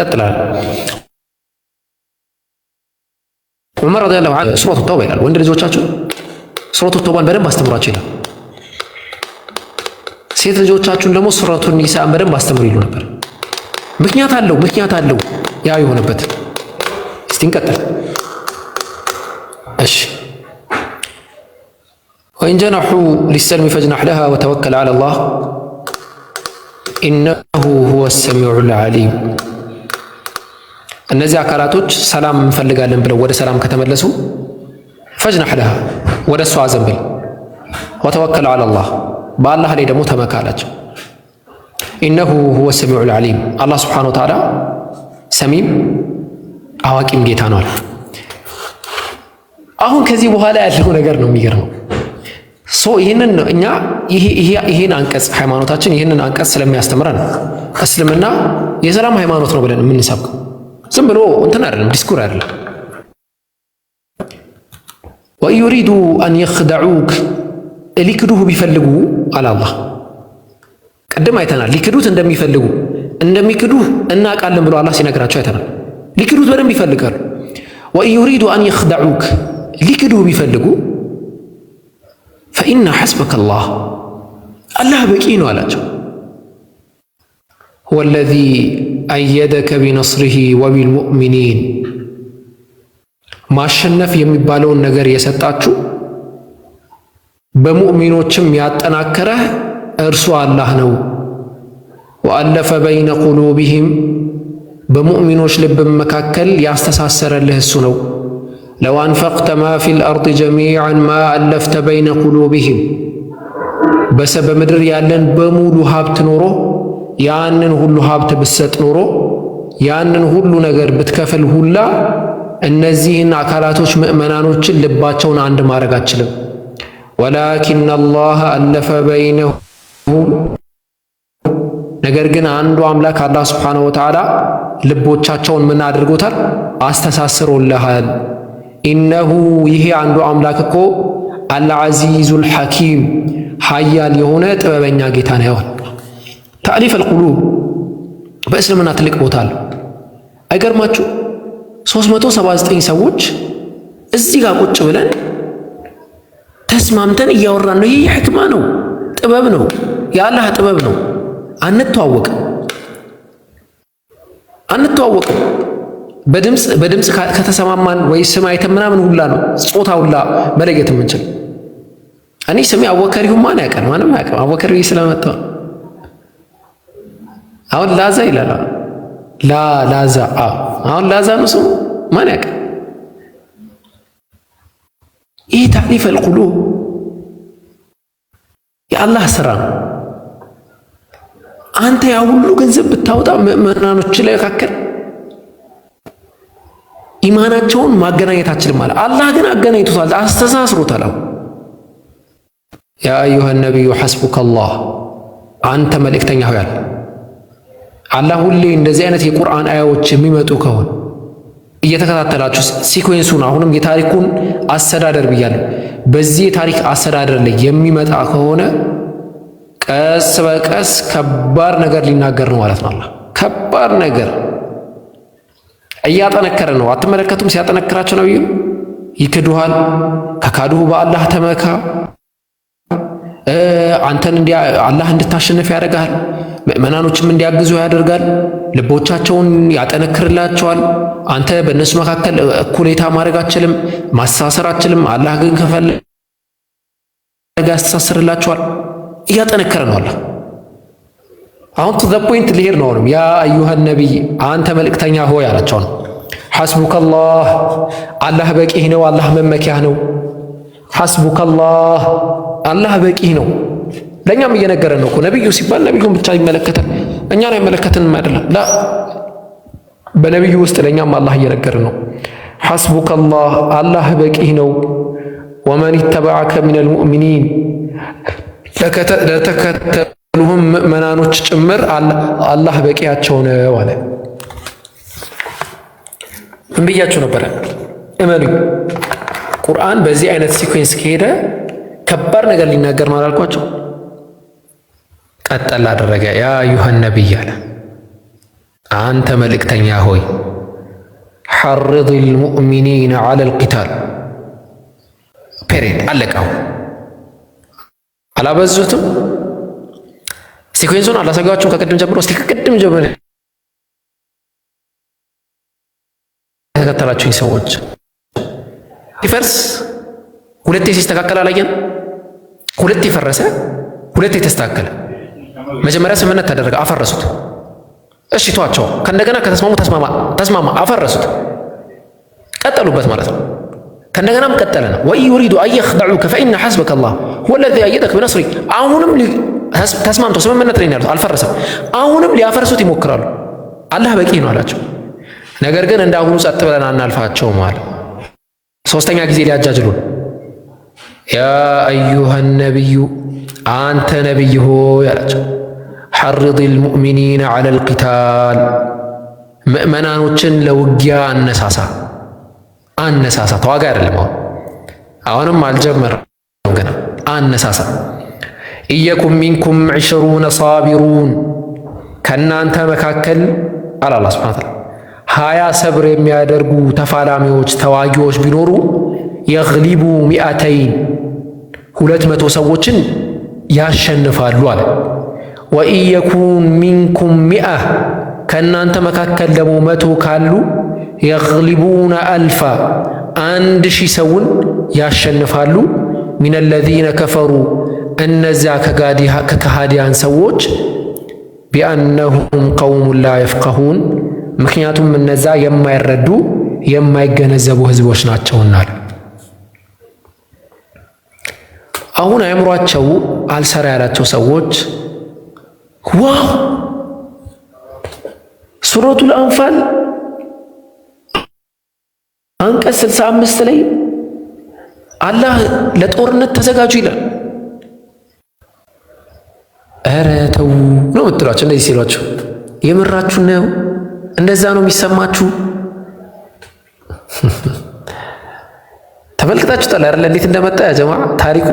ይቀጥላል። ዑመር ረዲየላሁ ዐንሁ ሱረቱ ተውባ ይላል። ወንድ ልጆቻችሁ ሱረቱ ተውባን በደንብ አስተምሯቸው ይላል። ሴት ልጆቻችሁን ደግሞ ሱረቱ ኒሳን በደንብ አስተምሩ ይሉ ነበር። ምክንያት አለው፣ ምክንያት አለው። ያ የሆነበት እስቲ እንቀጥል። እሺ ወኢን ጀነሑ ሊሰልሚ ፈጅናሕ ለሃ ወተወከል ዐለላህ ኢነሁ ሁወ ሰሚዑል ዓሊም እነዚህ አካላቶች ሰላም እንፈልጋለን ብለው ወደ ሰላም ከተመለሱ ፈጅናህ ለሃ ወደ እሷ አዘንብል፣ ወተወከል አላላህ በአላህ ላይ ደግሞ ተመካላቸው። ኢነሁ ሁወ ሰሚዑ ልዓሊም አላህ ስብሓነ ወተዓላ ሰሚም አዋቂም ጌታ ነው አለ። አሁን ከዚህ በኋላ ያለው ነገር ነው የሚገርመው። ሶ ይህንን እኛ ይህን አንቀጽ ሃይማኖታችን ይህንን አንቀጽ ስለሚያስተምረን እስልምና የሰላም ሃይማኖት ነው ብለን የምንሰብከው ዝም ብሎ እንትን አይደለም፣ ዲስኩር አይደለም። ወዩሪዱ አን የኽደዑክ ሊክዱህ ቢፈልጉ አለ አላህ። ቅድም አይተናል፣ ሊክዱት እንደሚፈልጉ እንደሚክዱህ እናውቃለን ብሎ አላህ ሲነግራቸው አይተናል። ሊክዱት በደንብ ይፈልጋሉ። ወኢዩሪዱ አን የኽደዑክ ሊክዱህ ቢፈልጉ ፈኢና ሐስበከ አላህ አላህ በቂ ነው አላቸው። ሁወለዚ አየደከ ቢነስሪሂ ወቢልሙእሚኒን ማሸነፍ የሚባለውን ነገር የሰጣችሁ በሙእሚኖችም ያጠናከረህ እርሱ አላህ ነው። ወአለፈ በይነ ቁሉብህም በሙእሚኖች ልብ መካከል ያስተሳሰረልህ እሱ ነው። ለው አንፈቅተ ማ ፊል አርድ ጀሚዓን ማ አለፍተ በይነ ቁሉብህም በምድር ያለን በሙሉ ሀብት ኖሮ ያንን ሁሉ ሀብት ብትሰጥ ኖሮ ያንን ሁሉ ነገር ብትከፍል ሁላ እነዚህን አካላቶች ምእመናኖችን ልባቸውን አንድ ማድረግ አችልም። ወላኪን አላህ አለፈ በይነሁ፣ ነገር ግን አንዱ አምላክ አላህ ሱብሓነሁ ወተዓላ ልቦቻቸውን ምን አድርጎታል? አስተሳስሮልሃል። ኢነሁ ይሄ አንዱ አምላክ እኮ አልዓዚዙል ሐኪም ሀያል የሆነ ጥበበኛ ጌታ ነው። ታሊፍ አልቁሉብ በእስልምና ትልቅ ቦታ አለው። አይገርማችሁ 379 ሰዎች እዚህ ጋር ቁጭ ብለን ተስማምተን እያወራን ነው። ይህ ነው፣ ጥበብ ነው፣ የአላህ ጥበብ ነው። አንተዋወቅም አንተዋወቅም። በድምፅ በድምፅ ከተሰማማን ወይ ስም አይተን ምናምን ሁላ ነው ጾታ ሁላ መለየት የምንችል። እኔ ስሜ አወከሪ ማን ያውቃል፣ ማንም አያውቅም። አወከሪ ስለመጣ አሁን ላዛ ይላል። ላ ላዛ አ አሁን ላዛ ነው ስሙ። ማን ያቀ ይህ ታሪፍ አልቁሉ የአላህ ስራ ነው። አንተ ያ ሁሉ ገንዘብ ብታወጣ ምዕመናኖች ላይ መካከል ኢማናቸውን ማገናኘት አችልም አለ። አላህ ግን አገናኝቶታል፣ አስተሳስሮታል። አሁን ያ አዩሃ ነቢዩ ሐስቡከ አላህ አንተ መልእክተኛ ሆያል አላህ ሁሌ እንደዚህ አይነት የቁርአን አያዎች የሚመጡ ከሆነ እየተከታተላችሁ ሲኩዌንሱን አሁንም የታሪኩን አስተዳደር ብያለሁ። በዚህ የታሪክ አስተዳደር ላይ የሚመጣ ከሆነ ቀስ በቀስ ከባድ ነገር ሊናገር ነው ማለት ነው። አላህ ከባድ ነገር እያጠነከረ ነው። አትመለከቱም? ሲያጠነክራቸው ነብዩ ይክዱሃል፣ ከካዱሁ በአላህ ተመካ አንተን አላህ እንድታሸንፍ ያደርግሃል። ምእመናኖችም እንዲያግዙ ያደርጋል። ልቦቻቸውን ያጠነክርላቸዋል። አንተ በእነሱ መካከል እኩሌታ ማድረግ አችልም፣ ማስተሳሰር አችልም። አላህ ግን ከፈለገ ያስተሳስርላቸዋል። እያጠነከረ ነው አላህ። አሁን ቱ ዘ ፖይንት ሊሄድ ነው። ያ አዩሃ ነቢይ አንተ መልእክተኛ ሆይ አላቸው ነው። ሐስቡከላህ አላህ በቂህ ነው፣ አላህ መመኪያህ ነው ሐስቡከላህ አላህ በቂ ነው። ለእኛም እየነገረን ነው እኮ ነቢዩ ሲባል ነቢዩን ብቻ ይመለከታል፣ እኛን አይመለከትንም አይደለም። ላ በነቢዩ ውስጥ ለእኛም አላህ እየነገረን ነው። ሐስቡከላህ አላህ በቂህ ነው። ወመን ተበዐከ ሚነል ሙእሚኒን ለተከተሉህም ምእመናኖች ጭምር አላህ በቂያቸው ነው አለ። እምብያችሁ ነበረ እመኑኝ። ቁርአን በዚህ አይነት ሲኩዌንስ ከሄደ ከባድ ነገር ሊናገር ነው አላልኳቸው። ቀጠል አደረገ። ያ አዩሃን ነቢይ አለ አንተ መልእክተኛ ሆይ ሐርድ ልሙእሚኒን ዐለ ልቂታል። ፔሬድ አለቀው። አላበዙትም። ሲኩዌንሱን አላሰጋችሁም። ከቅድም ጀምሮ እስቲ ከቅድም ጀምሮ የተከተላችሁኝ ሰዎች ሲፈርስ ሁለቴ ሲስተካከል አላየን። ሁለቴ ፈረሰ፣ ሁለቴ ተስተካከለ። መጀመሪያ ስምምነት ተደረገ፣ አፈረሱት። እሺ ተዋቸው። ከእንደገና ከተስማሙ ተስማማ፣ ተስማማ፣ አፈረሱት። ቀጠሉበት ማለት ነው። ከእንደገናም ቀጠለ ወይ ዩሪዱ አን የኽደዑከ ፈኢነ ሐስበከ አላህ ሁወ አየደክ ብነስሪ። አሁንም ተስማምቶ ስምምነት ላይ ያሉት አልፈረሰም። አሁንም ሊያፈርሱት ይሞክራሉ። አላህ በቂ ነው አላቸው። ነገር ግን እንደ አሁኑ ጸጥ ብለን አናልፋቸውም አለ። ሶስተኛ ጊዜ ሊያጃጅሉን ያ አዩሃ ነቢዩ አንተ ነቢይ ሆይ አላቸው። ሐርድ ልሙእሚኒን ዐለ ልቂታል ምእመናኖችን ለውጊያ አነሳሳ አነሳሳ። ተዋጋ አይደለም አሁን አሁንም አልጀመረም ገና አነሳሳ። እየኩም ሚንኩም ዒሽሩነ ሳቢሩን ከእናንተ መካከል አላላ ስብሓን ሀያ ሰብር የሚያደርጉ ተፋላሚዎች ተዋጊዎች ቢኖሩ የግሊቡ ሚአተይን ሁለት መቶ ሰዎችን ያሸንፋሉ አለ። ወኢየኩን ሚንኩም ሚአ ከእናንተ መካከል ደግሞ መቶ ካሉ የግሊቡነ አልፋ አንድ ሺህ ሰውን ያሸንፋሉ። ሚን አለዚነ ከፈሩ እነዚያ ከካሃዲያን ሰዎች ቢአነሁም ቀውሙን ላ የፍቀሁን ምክንያቱም እነዛ የማይረዱ የማይገነዘቡ ህዝቦች ናቸውና። አሁን አእምሯቸው አልሰራ ያላቸው ሰዎች ዋው ሱረቱል አንፋል አንቀጽ 65 ላይ አላህ ለጦርነት ተዘጋጁ ይላል። ኧረ ተው ነው የምትሏቸው እንደዚህ ሲሏቸው የምራችሁ ነው እንደዛ ነው የሚሰማችሁ። ተመልክታችሁታል አይደል? እንዴት እንደመጣ ያ ጀማ ታሪኩ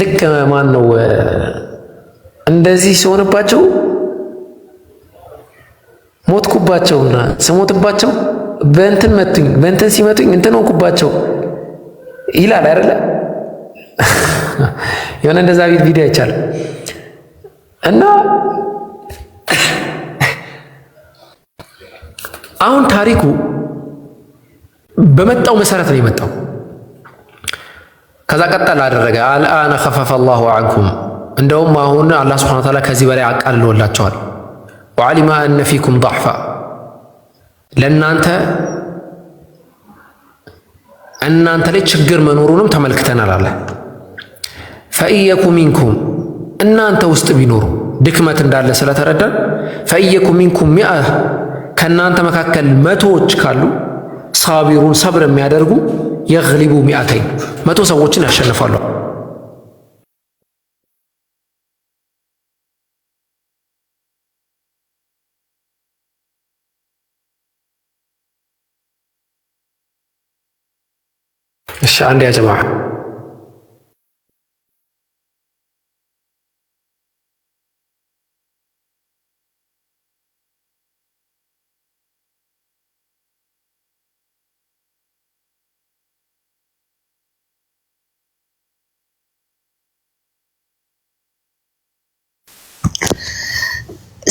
ልክ ማን ነው እንደዚህ ሲሆንባቸው ሞትኩባቸውና ስሞትባቸው በእንትን መቱኝ በእንትን ሲመቱኝ እንትን ሆንኩባቸው ይላል አይደለ? የሆነ እንደዛ ቪዲዮ አይቻልም እና አሁን ታሪኩ በመጣው መሰረት ነው የመጣው። ከዛ ቀጠል አደረገ። አልአነ ኸፈፈ ላሁ አንኩም፣ እንደውም አሁን አላህ ስብሐነ ወተዓላ ከዚህ በላይ አቃልሎላቸዋል። ወዓሊማ አነ ፊኩም ضዕፋ፣ ለእናንተ እናንተ ላይ ችግር መኖሩንም ተመልክተናል አለ። ፈኢየኩ ሚንኩም፣ እናንተ ውስጥ ቢኖሩ ድክመት እንዳለ ስለተረዳን ፈእየኩ ሚንኩም ሚአ ከእናንተ መካከል መቶዎች ካሉ ሳቢሩን ሰብር የሚያደርጉ የግሊቡ ሚአተይን መቶ ሰዎችን ያሸንፋሉ። እሺ አንድ ያጀማ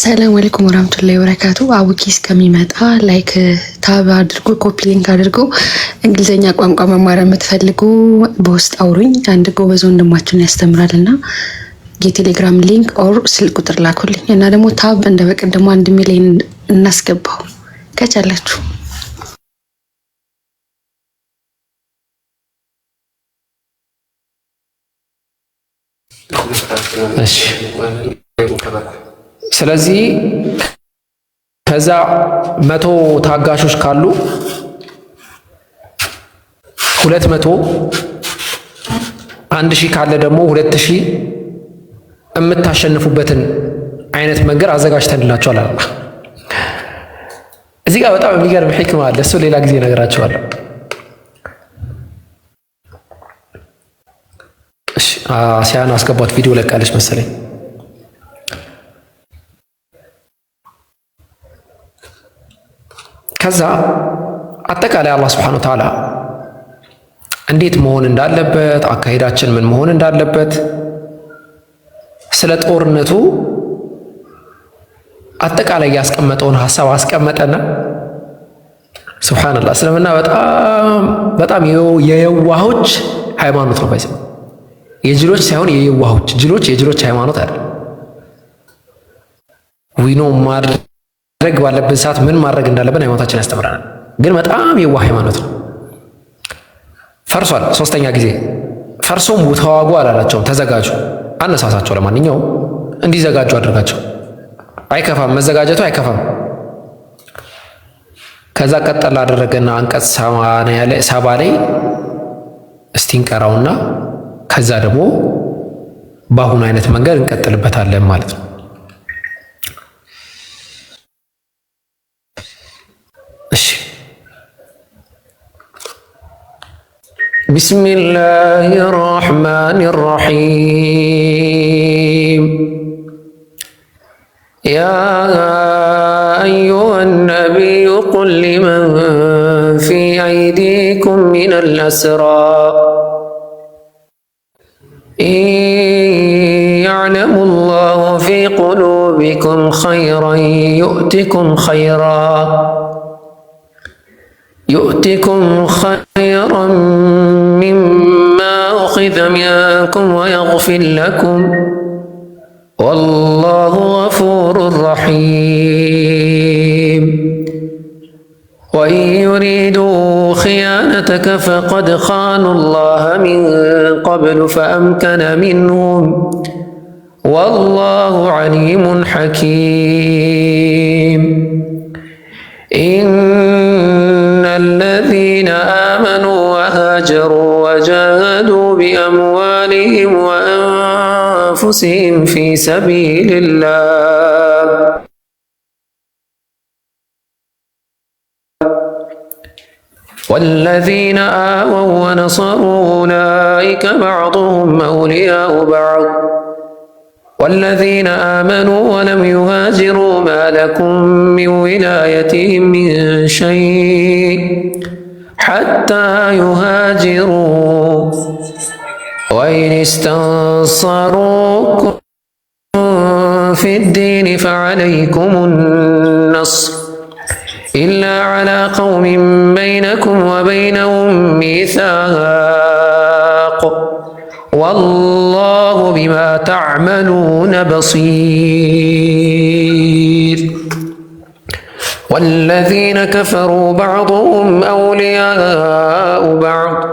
ሰላም አለይኩም ወራህመቱላሂ ወበረካቱ። አቡኪ እስከሚመጣ ላይክ ታብ አድርጎ ኮፒ ሊንክ አድርጎ እንግሊዘኛ ቋንቋ መማር የምትፈልጉ በውስጥ አውሩኝ። አንድ ጎበዝ ወንድማችን ያስተምራል የቴሌግራም ሊንክ ኦር ስልክ ቁጥር ላኩልኝ እና ደግሞ ታብ እንደ በቀደሙ አንድ ሚሊዮን እናስገባው ከቻላችሁ እሺ ስለዚህ ከዛ መቶ ታጋሾች ካሉ ሁለት መቶ አንድ ሺህ ካለ ደግሞ ሁለት ሺህ የምታሸንፉበትን አይነት መንገድ አዘጋጅተንላቸዋል አለ። እዚህ ጋር በጣም የሚገርም ሕክማ አለ። እሱ ሌላ ጊዜ እነግራቸዋለሁ። ሲያን አስገባት ቪዲዮ ለቃለች መሰለኝ። ከዛ አጠቃላይ አላህ ስብሐነ ወተዓላ እንዴት መሆን እንዳለበት አካሄዳችን ምን መሆን እንዳለበት ስለ ጦርነቱ አጠቃላይ ያስቀመጠውን ሀሳብ አስቀመጠና ስብሓንላህ እስልምና በጣም በጣም የየዋሆች ሃይማኖት ነው። ባይዘ የጅሎች ሳይሆን የየዋሆች ጅሎች የጅሎች ሃይማኖት አይደል ዊኖ ማድረግ ማድረግ ባለብን ሰዓት ምን ማድረግ እንዳለብን ሃይማኖታችን ያስተምረናል። ግን በጣም የዋህ ሃይማኖት ነው። ፈርሷል። ሶስተኛ ጊዜ ፈርሶም ተዋጉ አላላቸውም። ተዘጋጁ አነሳሳቸው። ለማንኛውም እንዲዘጋጁ አድርጋቸው። አይከፋም፣ መዘጋጀቱ አይከፋም። ከዛ ቀጠል አደረገና አንቀጽ ሰባ ላይ እስቲ እንቀራውና ከዛ ደግሞ በአሁኑ አይነት መንገድ እንቀጥልበታለን ማለት ነው። بسم الله الرحمن الرحيم يا أيها النبي قل لمن في أيديكم من الأسرى إن يعلم الله في قلوبكم خيرا يؤتكم خيرا يؤتكم خيرا مما أخذ منكم ويغفر لكم والله غفور رحيم وإن يريدوا خيانتك فقد خانوا الله من قبل فأمكن منهم والله عليم حكيم أنفسهم في سبيل الله والذين آووا ونصروا أولئك بعضهم أولياء بعض والذين آمنوا ولم يهاجروا ما لكم من ولايتهم من شيء حتى يهاجروا وإن استنصروكم في الدين فعليكم النصر إلا على قوم بينكم وبينهم ميثاق والله بما تعملون بصير والذين كفروا بعضهم أولياء بعض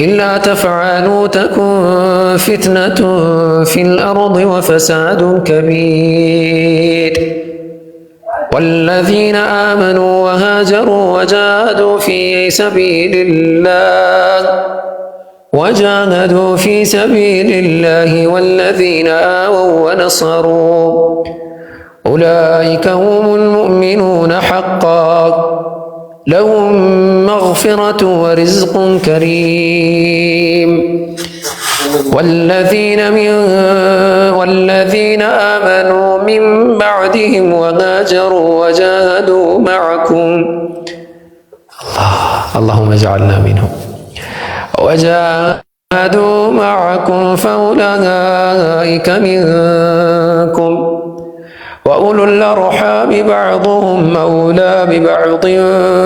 إلا تفعلوا تكن فتنة في الأرض وفساد كبير والذين آمنوا وهاجروا وجاهدوا في سبيل الله وجاهدوا في سبيل الله والذين آووا ونصروا أولئك هم المؤمنون حقاً لهم مغفرة ورزق كريم والذين من والذين آمنوا من بعدهم وهاجروا وجاهدوا معكم الله اللهم اجعلنا منهم وجاهدوا معكم فأولئك منكم وأولو الأرحام بعضهم أولى ببعض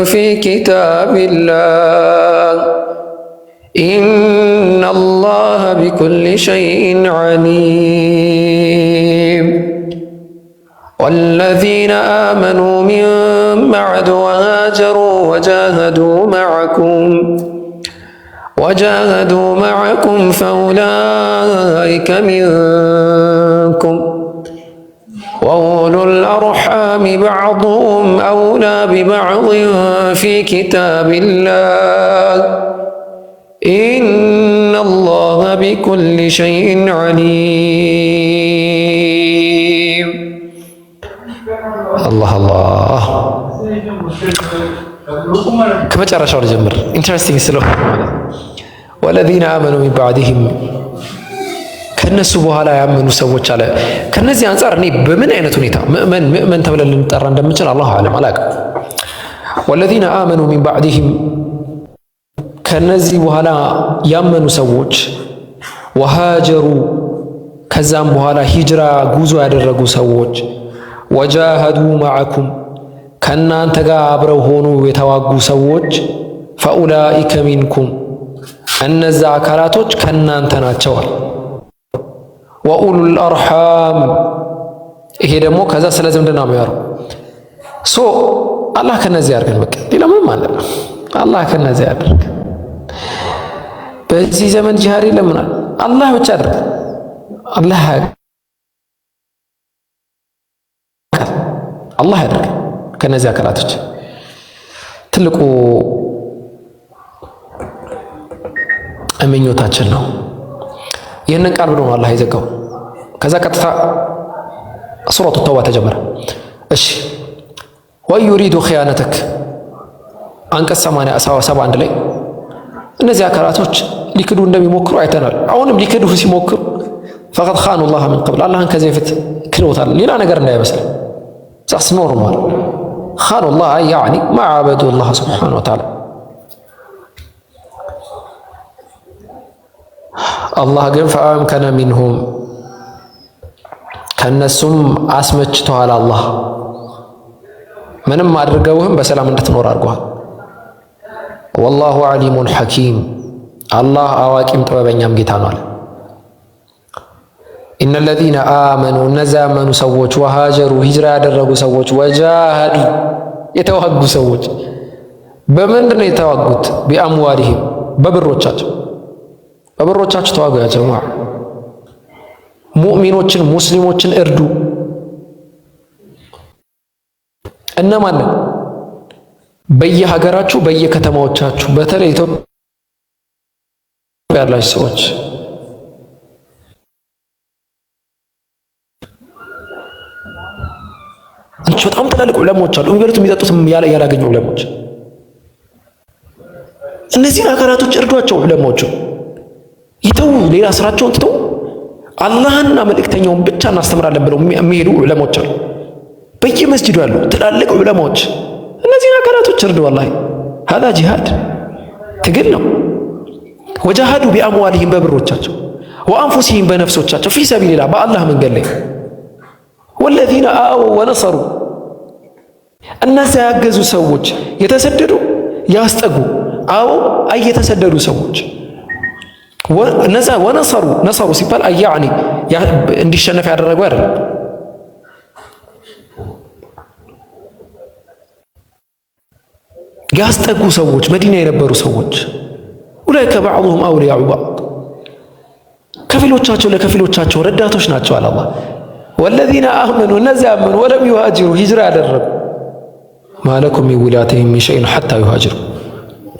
في كتاب الله إن الله بكل شيء عليم والذين آمنوا من بعد وهاجروا وجاهدوا معكم وجاهدوا معكم فأولئك منكم وأولو الأرحام بعضهم أولى ببعض في كتاب الله إن الله بكل شيء عليم الله الله كما ترى شعر جمر interesting سلوك والذين آمنوا من بعدهم ከነሱ በኋላ ያመኑ ሰዎች አለ። ከነዚህ አንጻር እኔ በምን አይነት ሁኔታ ምእመን ምእመን ተብለን ልንጠራ እንደምንችል አላሁ አለም አላውቅም። ወለዚነ አመኑ ሚን ባዕድህም ከነዚህ በኋላ ያመኑ ሰዎች ወሃጀሩ ከዛም በኋላ ሂጅራ ጉዞ ያደረጉ ሰዎች ወጃሃዱ ማዕኩም ከእናንተ ጋር አብረው ሆኑ የተዋጉ ሰዎች ፈኡላኢከ ሚንኩም እነዛ አካላቶች ከእናንተ ናቸዋል። ወኡሉል አርሃም ይሄ ደግሞ ከዛ ስለ ዝምድና የሚያወሩ ሶ አላህ ከነዚህ ያድርገን። በቃ ሌላ ምንም አለ አላህ ከነዚህ ያድርግ። በዚህ ዘመን ጂሃድ ለምን አላህ ብቻ አድርግ። አላህ አላህ ያድርግ ከነዚህ አካላቶች ትልቁ እምኞታችን ነው። ይህንን ቃል ብሎ ነው አላህ የዘጋው። ከዛ ቀጥታ ሱረቱ ተውባ ተጀመረ። እሺ ወይ ዩሪዱ ኺያነተክ አንቀጽ 71 ላይ እነዚህ አካላቶች ሊክዱ እንደሚሞክሩ አይተናል። አሁንም ሊክዱ ሲሞክሩ ፈቀድ ኻኑ ላህ ምን ቀብል አላህን ከዚህ በፊት ክደውታል። ሌላ ነገር እንዳይመስል ዛስ ኖርማል ኻኑ ላህ ያዕኒ ማዕበዱ ላህ ስብሓነሁ ወተዓላ አላህ ግን ፈአምከነ ሚንሁም ከነሱም አስመችቶሃል። አላህ ምንም አድርገውህም በሰላም እንድትኖር አድርጓል። ወላሁ ዓሊሙን ሐኪም አላህ አዋቂም ጥበበኛም ጌታ ነው ኢነ ለዚነ አመኑ እነዚያ ያመኑ ሰዎች ወሃጀሩ ሂጅራ ያደረጉ ሰዎች ወጃሃዱ የተዋጉ ሰዎች በምንድን ነው የተዋጉት? ቢአምዋሊሂም በብሮቻቸው በበሮቻችሁ ተዋጉ። ያ ጀማ ሙእሚኖችን ሙስሊሞችን እርዱ። እነማንን? በየሀገራችሁ በየከተማዎቻችሁ፣ በተለይ ኢትዮጵያ ያላችሁ ሰዎች አንቺ በጣም ትላልቅ ዑለሞች አሉ። የሚበሉት የሚጠጡት ያለ ያላገኙ ዑለሞች፣ እነዚህን ሀገራቶች እርዷቸው ዑለሞቹ ትተው ሌላ ስራቸውን ትተው አላህና መልእክተኛውን ብቻ እናስተምራለን ብለው የሚሄዱ ዑለማዎች አሉ። በየመስጂዱ ያሉ ትላልቅ ዑለማዎች እነዚህን አካላቶች እርድ። ወላሂ ሀዛ ጂሃድ ትግል ነው። ወጃሃዱ ቢአምዋልህም በብሮቻቸው ወአንፉሲህም በነፍሶቻቸው ፊ ሰቢልላ በአላህ መንገድ ላይ ወለዚነ አወው ወነሰሩ እነዚያ ያገዙ ሰዎች የተሰደዱ ያስጠጉ አወው አይ የተሰደዱ ሰዎች ወነሰሩ ነሰሩ ሲባል አያዕኒ እንዲሸነፍ ያደረገው አይደለም። ያስጠጉ ሰዎች መዲና የነበሩ ሰዎች ኡላይከ ባዕሁም አውልያኡ ባዕድ ከፊሎቻቸው ለከፊሎቻቸው ረዳቶች ናቸው አለ አላህ። ወለዚነ አመኑ እነዚያ አመኑ ወለም ዩሃጅሩ ሂጅራ ያደረጉ ማለኩም ሚን ውላቲሂም ሚን ሸይን ሐታ ዩሃጅሩ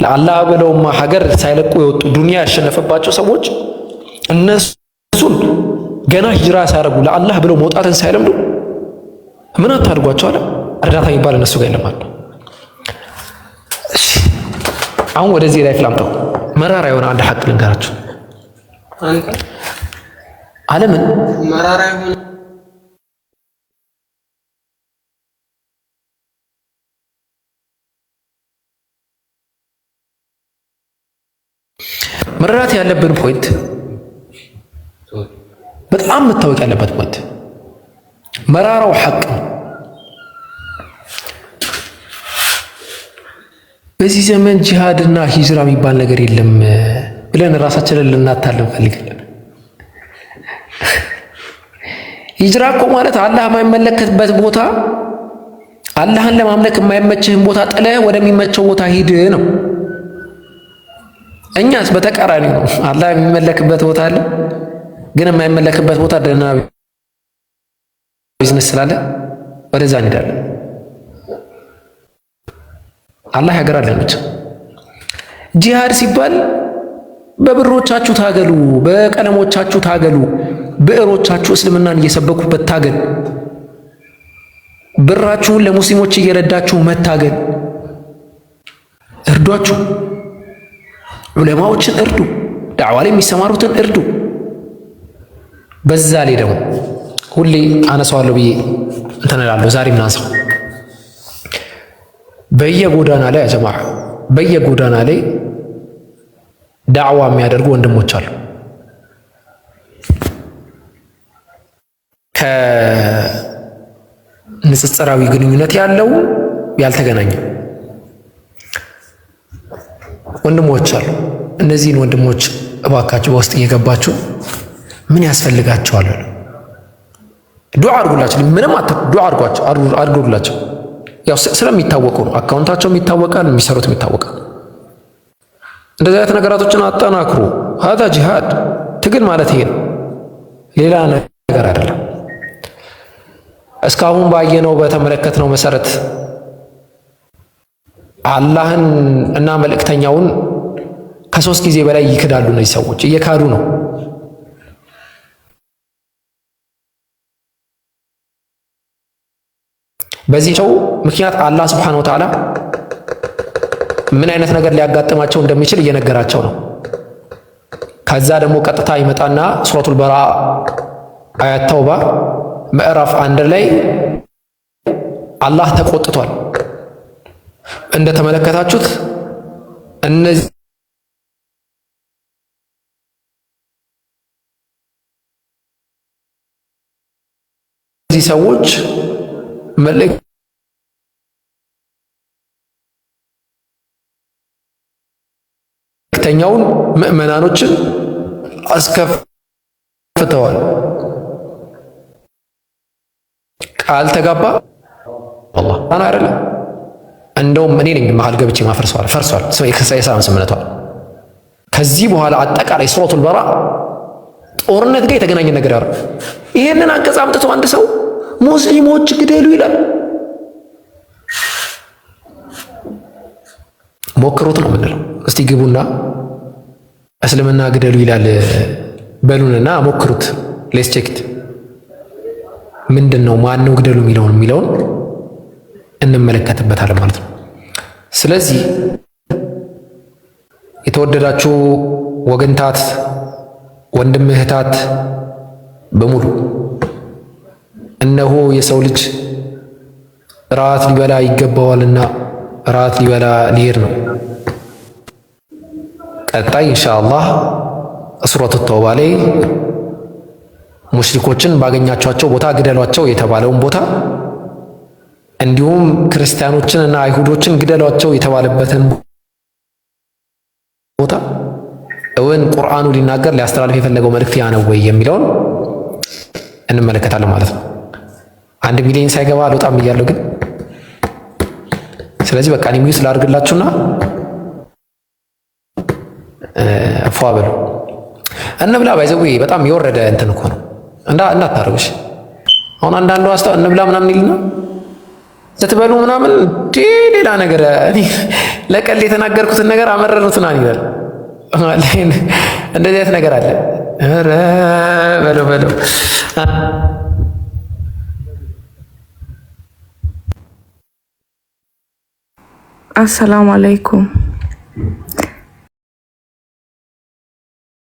ለአላህ ብለውማ ሀገር ሳይለቁ የወጡ ዱንያ ያሸነፈባቸው ሰዎች እነሱን ገና ሂጅራ ሳያደርጉ ለአላህ ብለው መውጣትን ሳይለምዱ ምን አታድርጓቸው አለ። እርዳታ የሚባል እነሱ ጋር የለም አለ። አሁን ወደዚህ ላይ ፍላምጠው መራራ የሆነ አንድ ሀቅ ልንገራችሁ ዓለምን ያለብን ፖይንት በጣም መታወቅ ያለበት ፖይንት መራራው ሐቅ በዚህ ዘመን እና ሂጅራ የሚባል ነገር የለም ብለን ራሳችንን ልናታል እንፈልጋለን። ሂጅራ እኮ ማለት አላህ የማይመለከትበት ቦታ አላህን ለማምለክ የማይመችህን ቦታ ጥለህ ወደሚመቸው ቦታ ሂድ ነው። እኛስ በተቃራኒ ነው። አላህ የሚመለክበት ቦታ አለ፣ ግን የማይመለክበት ቦታ ደህና ቢዝነስ ስላለ ወደዛ እንሄዳለን። አላህ ያገራል ልጆች። ጂሃድ ሲባል በብሮቻችሁ ታገሉ፣ በቀለሞቻችሁ ታገሉ፣ ብዕሮቻችሁ እስልምናን እየሰበኩበት ታገል፣ ብራችሁን ለሙስሊሞች እየረዳችሁ መታገል እርዷችሁ ዑለማዎችን እርዱ፣ ዳዕዋ ላይ የሚሰማሩትን እርዱ። በዛ ላይ ደግሞ ሁሌ አነሳዋለሁ ብዬ እንትን እላለሁ። ዛሬ ምናንሳው በየጎዳና ላይ አጀማ በየጎዳና ላይ ዳዕዋ የሚያደርጉ ወንድሞች አሉ። ከንጽጽራዊ ግንኙነት ያለው ያልተገናኘው ወንድሞች አሉ። እነዚህን ወንድሞች እባካችሁ በውስጥ እየገባችሁ ምን ያስፈልጋቸዋል? ዱዓ አድርጉላቸው። ምንም አት ዱዓ አድርጓቸው አድርጉላቸው። ያው ስለሚታወቁ ነው። አካውንታቸውም ይታወቃል፣ የሚሰሩትም ይታወቃል። እንደዚህ አይነት ነገራቶችን አጠናክሩ። ሀዛ ጂሃድ ትግል ማለት ይሄ ነው፣ ሌላ ነገር አይደለም። እስካሁን ባየነው በተመለከትነው መሰረት አላህን እና መልእክተኛውን ከሶስት ጊዜ በላይ ይክዳሉ። እነዚህ ሰዎች እየካዱ ነው። በዚህ ሰው ምክንያት አላህ ሱብሓነሁ ወተዓላ ምን አይነት ነገር ሊያጋጥማቸው እንደሚችል እየነገራቸው ነው። ከዛ ደግሞ ቀጥታ ይመጣና ሱረቱል በራ አያት ተውባ ምዕራፍ አንድ ላይ አላህ ተቆጥቷል እንደተመለከታችሁት እነዚህ ሰዎች መልእክተኛውን ምዕመናኖችን አስከፍተዋል። ቃል ተጋባ አላህ አይደለም። እንደውም እኔ ነኝ መሀል ገብቼ ማፈርሰዋል ፈርሷል። የሰላም ስምምነቷል። ከዚህ በኋላ አጠቃላይ ሱረቱል በራ ጦርነት ጋር የተገናኘ ነገር ያረ ይሄንን አንቀጽ አምጥቶ አንድ ሰው ሙስሊሞች ግደሉ ይላል። ሞክሩት ነው የምንለው። እስቲ ግቡና እስልምና ግደሉ ይላል በሉንና ሞክሩት። ሌስ ቼክት ምንድን ነው ማን ነው ግደሉ የሚለውን የሚለውን እንመለከትበታለን ማለት ነው። ስለዚህ የተወደዳችሁ ወገንታት ወንድም እህታት በሙሉ እነሆ የሰው ልጅ ራት ሊበላ ይገባዋልና ራት ሊበላ ሊሄድ ነው። ቀጣይ ኢንሻአላህ ሱረቱ ተውባ ላይ ሙሽሪኮችን ባገኛችኋቸው ቦታ ግደሏቸው የተባለውን ቦታ እንዲሁም ክርስቲያኖችንና አይሁዶችን ግደሏቸው የተባለበትን ቦታ እውን ቁርአኑ ሊናገር ሊያስተላልፍ የፈለገው መልእክት ያ ነው ወይ የሚለውን እንመለከታለን ማለት ነው። አንድ ሚሊዮን ሳይገባ አልወጣም እያለሁ ግን ስለዚህ በቃ እኔ ሚውት ላድርግላችሁና ፏ በሉ እንብላ። ባይዘው በጣም የወረደ እንትን እኮ ነው። እንዳታርግሽ አሁን አንዳንዱ አስተው እንብላ ምናምን ይልና ስትበሉ ምናምን ዲ ሌላ ነገር ለቀል የተናገርኩትን ነገር አመረሩት ና ይበል። እንደዚህ አይነት ነገር አለ። ኧረ በለው በለው አሰላሙ አለይኩም